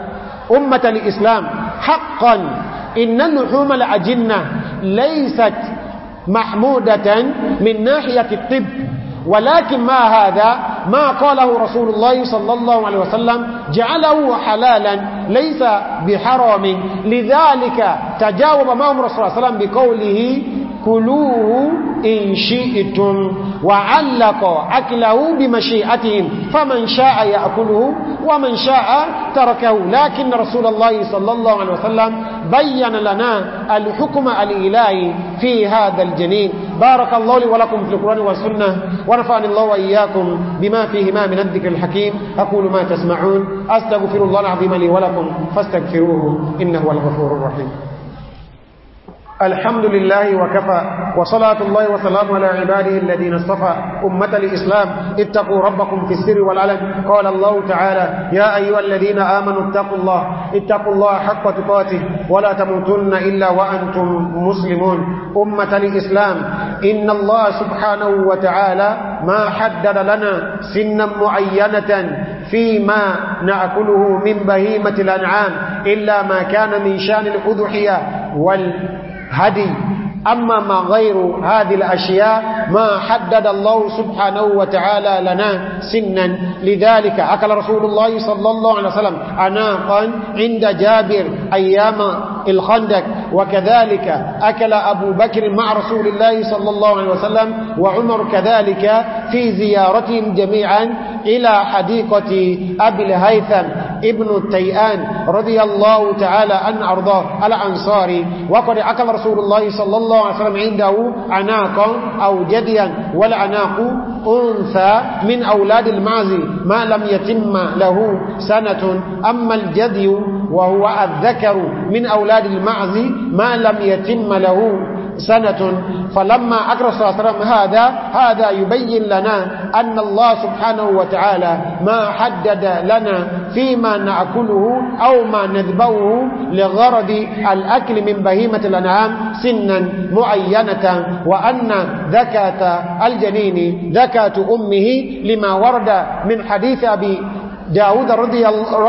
أمة الإسلام حقا إن اللحوم الأجنة ليست محمودة من ناحية الطب ولكن ما هذا ما قاله رسول الله صلى الله عليه وسلم جعله حلالا ليس بحرام لذلك تجاوب معهم رسول الله صلى الله عليه وسلم بقوله كلوه إن شئتم وعلق أكله بمشيئتهم فمن شاء يأكله ومن شاء تركه لكن رسول الله صلى الله عليه وسلم بين لنا الحكم الإلهي في هذا الجنين بارك الله لي ولكم في القرآن والسنة ونفعني الله وإياكم بما فيهما من الذكر الحكيم أقول ما تسمعون أستغفر الله العظيم لي ولكم فاستغفروه إنه الغفور الرحيم الحمد لله وكفى وصلاة الله وسلام على عباده الذين اصطفى أمة الإسلام اتقوا ربكم في السر والعلم قال الله تعالى يا أيها الذين آمنوا اتقوا الله اتقوا الله حق تقاته ولا تموتن إلا وأنتم مسلمون أمة الإسلام إن الله سبحانه وتعالى ما حدد لنا سنا معينة فيما نأكله من بهيمة الأنعام إلا ما كان من شان الأذحية والأذحية هدي أما ما غير هذه الأشياء ما حدد الله سبحانه وتعالى لنا سنا لذلك أكل رسول الله صلى الله عليه وسلم أناقا عند جابر أيام الخندق وكذلك أكل أبو بكر مع رسول الله صلى الله عليه وسلم وعمر كذلك في زيارتهم جميعا إلى حديقة أبي الهيثم ابن التيئان رضي الله تعالى أن أرضاه الأنصاري وقد أكل رسول الله صلى الله عليه وسلم عنده عناقا أو جديا والعناق أنثى من أولاد المعزي ما لم يتم له سنة أما الجدي وهو الذكر من أولاد المعزي ما لم يتم له سنة فلما أكرر صلى الله عليه وسلم هذا هذا يبين لنا أن الله سبحانه وتعالى ما حدد لنا فيما نأكله أو ما نذبوه لغرض الأكل من بهيمة الأنعام سنا معينة وأن ذكاة الجنين ذكاة أمه لما ورد من حديث أبي داود رضي الله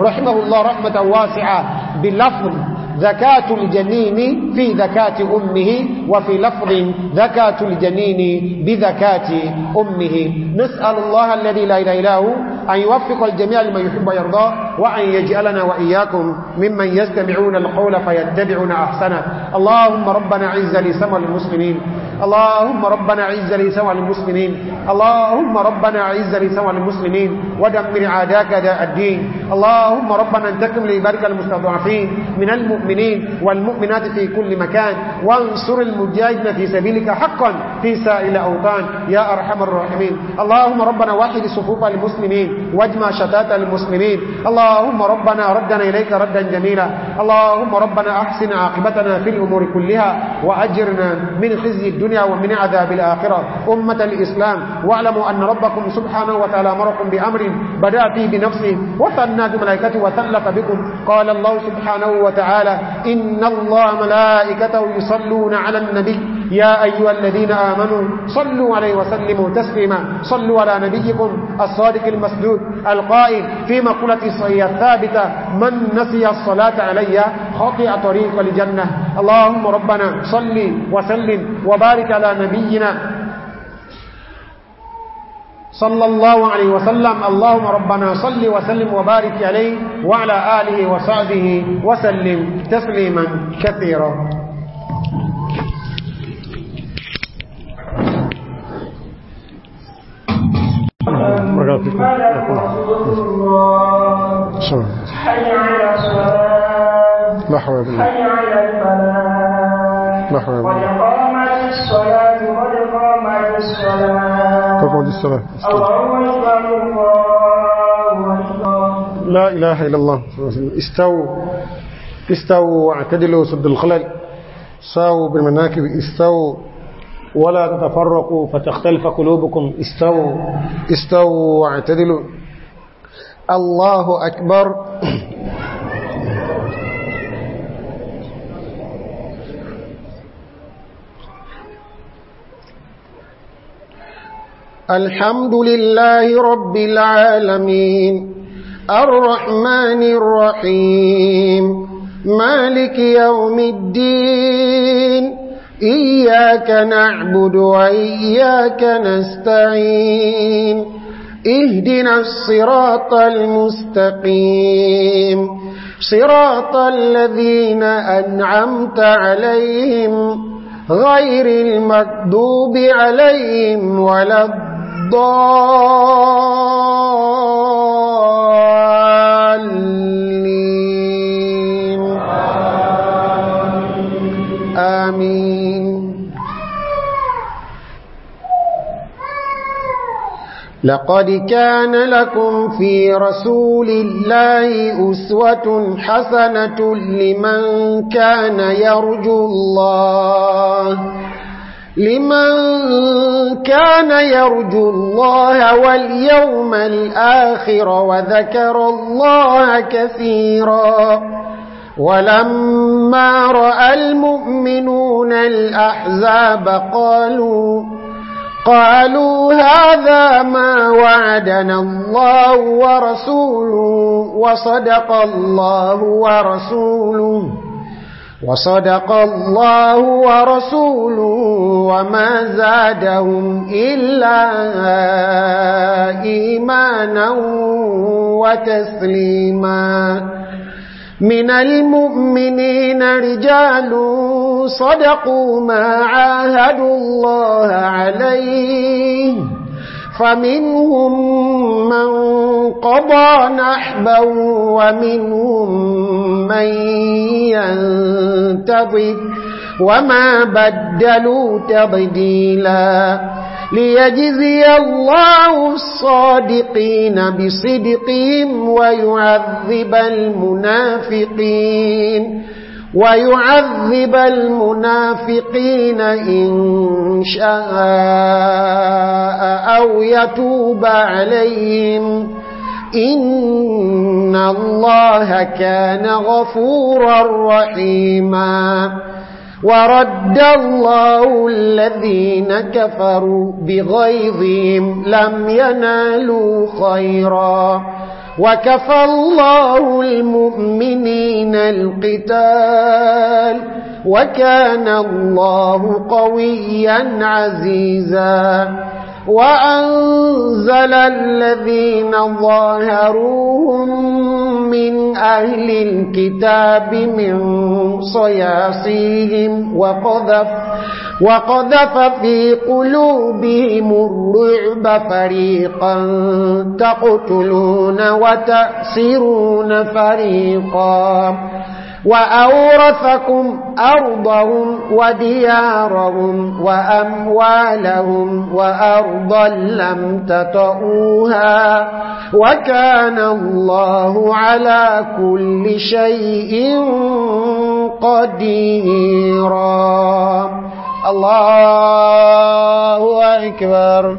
رحمه الله رحمة واسعة بلفظ زكاة الجنين في زكاة أمه وفي لفظ زكاة الجنين بزكاة أمه نسأل الله الذي لا إله إلا هو أن يوفق الجميع لما يحب ويرضى وأن يجعلنا وإياكم ممن يستمعون القول فيتبعون أحسنه اللهم ربنا عز لسمى المسلمين اللهم ربنا عز سوى المسلمين اللهم ربنا عز سوى المسلمين ودمر عاداك داء الدين اللهم ربنا انتكم لبارك المستضعفين من المؤمنين والمؤمنات في كل مكان وانصر المجاهدين في سبيلك حقا في سائل أوطان يا أرحم الراحمين اللهم ربنا واحد صفوف المسلمين واجمع شتات المسلمين اللهم ربنا ردنا إليك ردا جميلا اللهم ربنا أحسن عاقبتنا في الأمور كلها وأجرنا من خزي الدنيا الدنيا ومن عذاب الآخرة أمة الإسلام واعلموا أن ربكم سبحانه وتعالى أمركم بأمر بدأ فيه بنفسه وثنى بملائكته وثلق بكم قال الله سبحانه وتعالى إن الله ملائكته يصلون على النبي يا أيها الذين آمنوا صلوا عليه وسلموا تسليما صلوا على نبيكم الصادق المسدود القائل في مقولة الصحية الثابتة من نسي الصلاة علي خطئ طريق لجنة اللهم ربنا صل وسلم وبارك على نبينا صلى الله عليه وسلم اللهم ربنا صل وسلم وبارك عليه وعلى آله وصعبه وسلم تسليما كثيرا فيكم حي على الصلاة حي على الفلاح نحو قد قامت الصلاة قد قامت الصلاة قد قامت الصلاة الله أكبر الله لا إله إلا الله استووا استووا واعتدلوا سد الخلل ساووا بالمناكب استووا ولا تتفرقوا فتختلف قلوبكم استووا استووا واعتدلوا الله أكبر الحمد لله رب العالمين الرحمن الرحيم مالك يوم الدين إياك نعبد وإياك نستعين اهدنا الصراط المستقيم صراط الذين أنعمت عليهم غير المكذوب عليهم ولا الضالين لقد كان لكم في رسول الله أسوة حسنة لمن كان يرجو الله لمن كان يرجو الله واليوم الآخر وذكر الله كثيرا ولما رأى المؤمنون الأحزاب قالوا قالوا هذا ما وعدنا الله ورسوله وصدق الله ورسوله وصدق الله ورسوله وما زادهم إلا إيمانا وتسليما من المؤمنين رجال صدقوا ما عاهدوا الله عليه فمنهم من قضى نحبا ومنهم من ينتظر وما بدلوا تبديلاً ليجزي الله الصادقين بصدقهم ويعذب المنافقين ويعذب المنافقين إن شاء أو يتوب عليهم إن الله كان غفورا رحيما ورد الله الذين كفروا بغيظهم لم ينالوا خيرا وكفى الله المؤمنين القتال وكان الله قويا عزيزا وأنزل الذين ظاهروهم من أهل الكتاب من صياصيهم وقذف وقذف في قلوبهم الرعب فريقا تقتلون وتأسرون فريقا وأورثكم أرضهم وديارهم وأموالهم وأرضا لم تطئوها وكان الله على كل شيء قديرا الله أكبر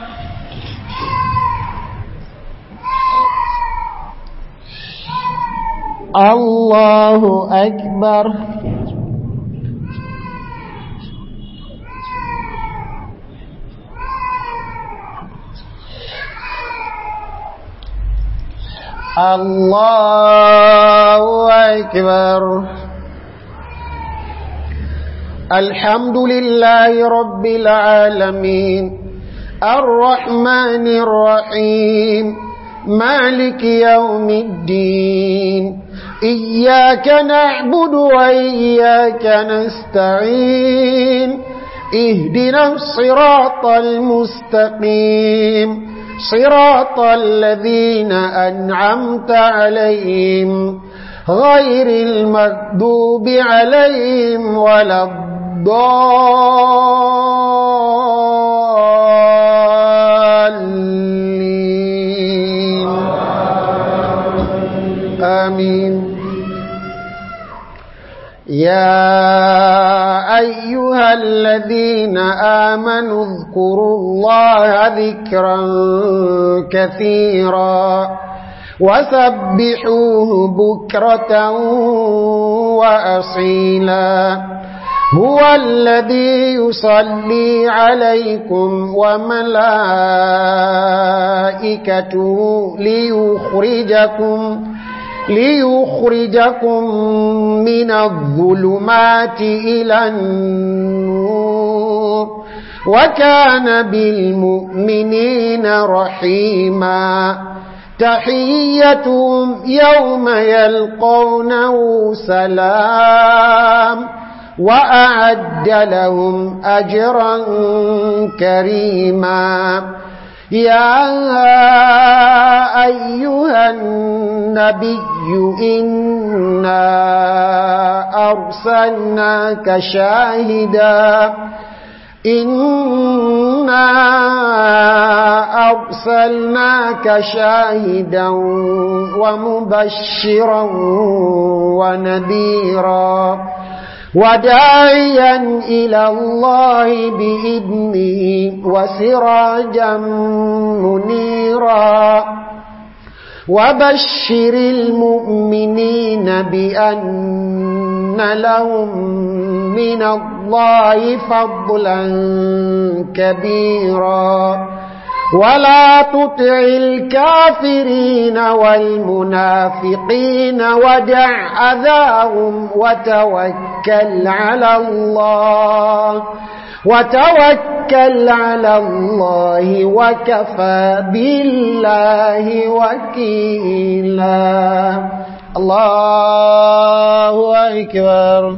الله أكبر الله أكبر الحمد لله رب العالمين الرحمن الرحيم مالك يوم الدين إياك نعبد وإياك نستعين اهدنا الصراط المستقيم صراط الذين أنعمت عليهم غير المكذوب عليهم ولا الضالين آمين يا أيها الذين آمنوا اذكروا الله ذكرا كثيرا وسبحوه بكرة وأصيلا هو الذي يصلي عليكم وملائكته ليخرجكم ليخرجكم من الظلمات إلى النور وكان بالمؤمنين رحيما تحيتهم يوم يلقونه سلام وأعد لهم أجرا كريما يا أيها النبي إنا أرسلناك شاهدا إنا أرسلناك شاهدا ومبشرا ونذيرا وداعيا إلى الله بإذنه وسراجا منيرا وبشر المؤمنين بأن لهم من الله فضلا كبيرا ولا تطع الكافرين والمنافقين ودع أذاهم وتوكل على الله وتوكل على الله وكفى بالله وكيلا الله أكبر